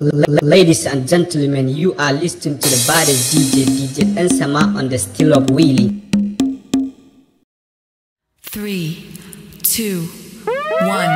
Ladies and gentlemen, you are listening to the baddest DJ, DJ Ensama on the Steel of Wheelie. Three, two, one.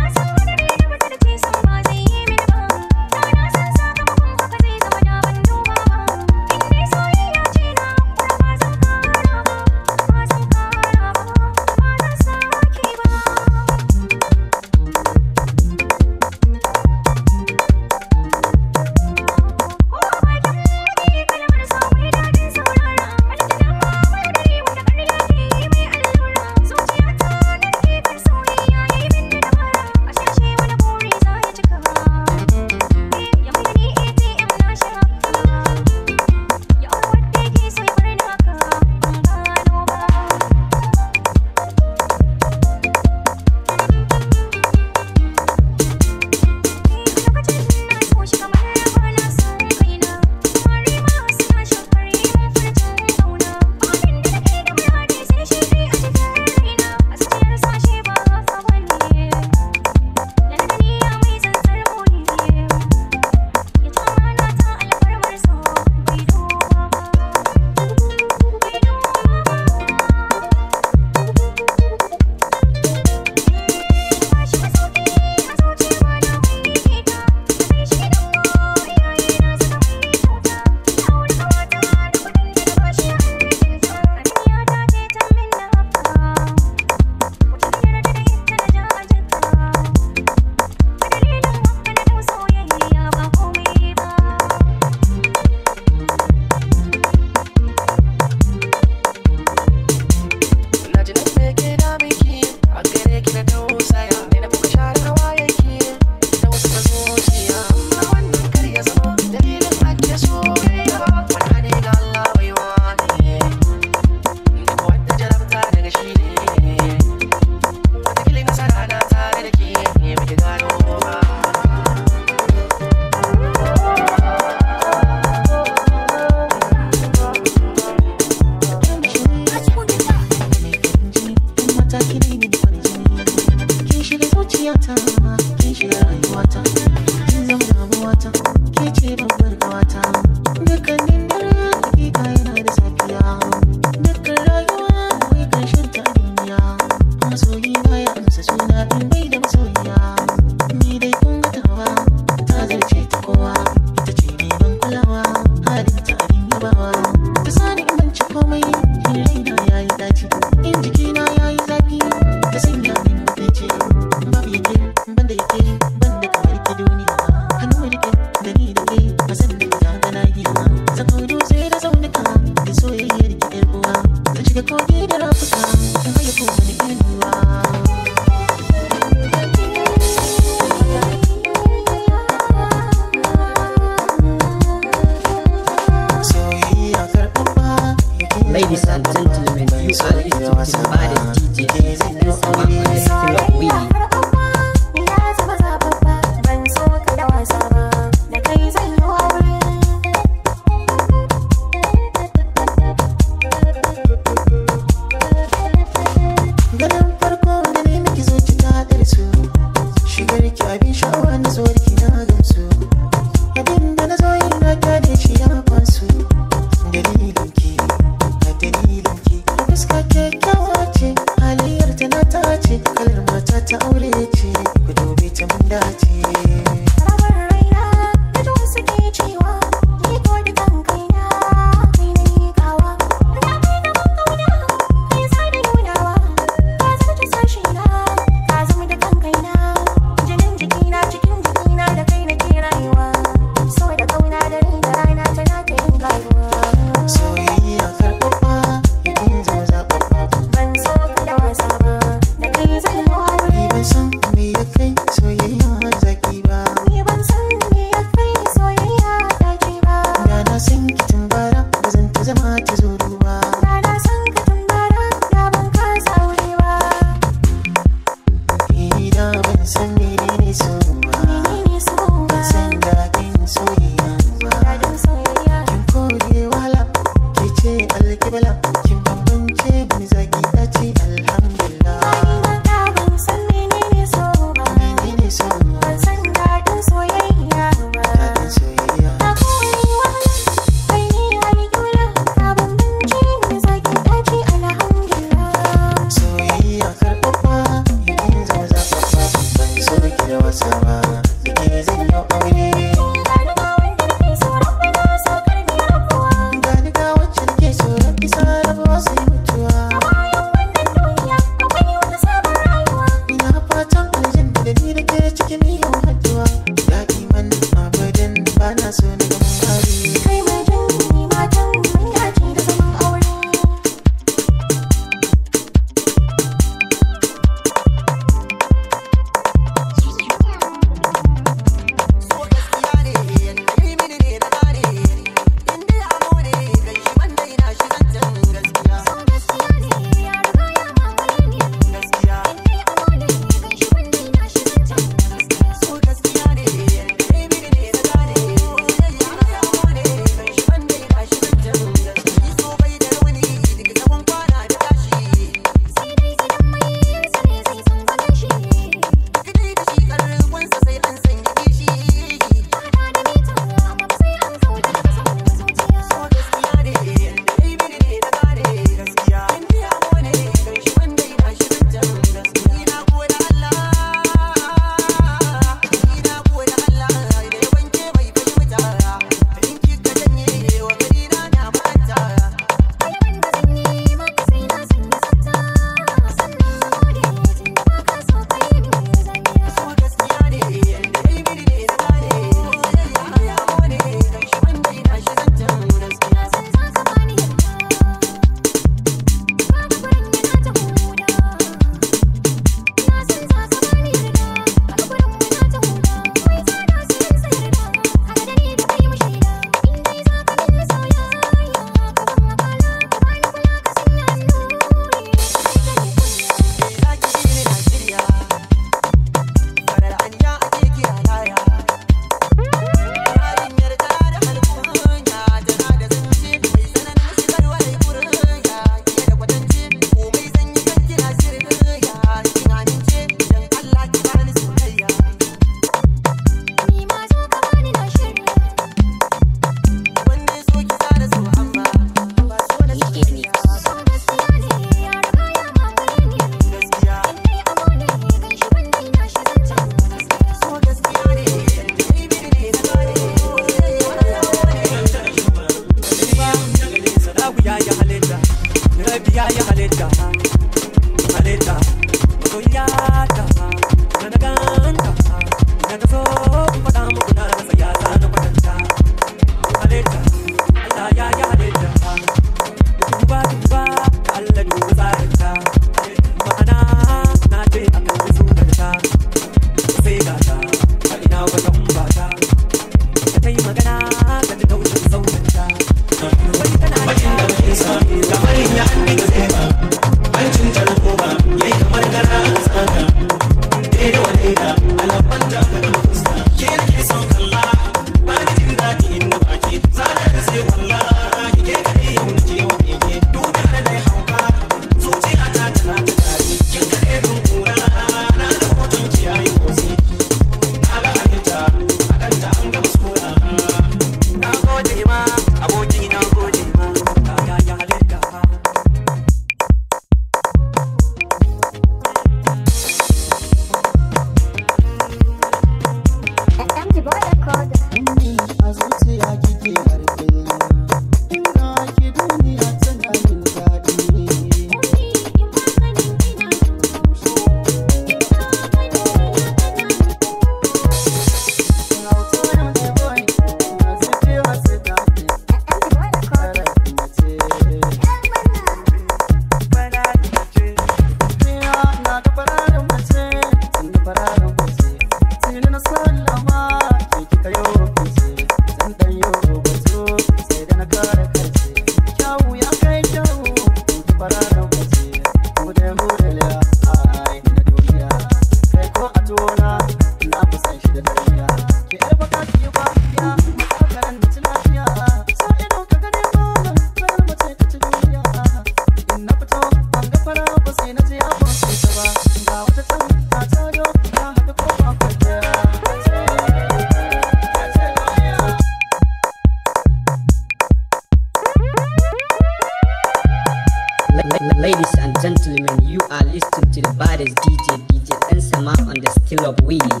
to the baddest DJ, DJ Ensema on the still of weed.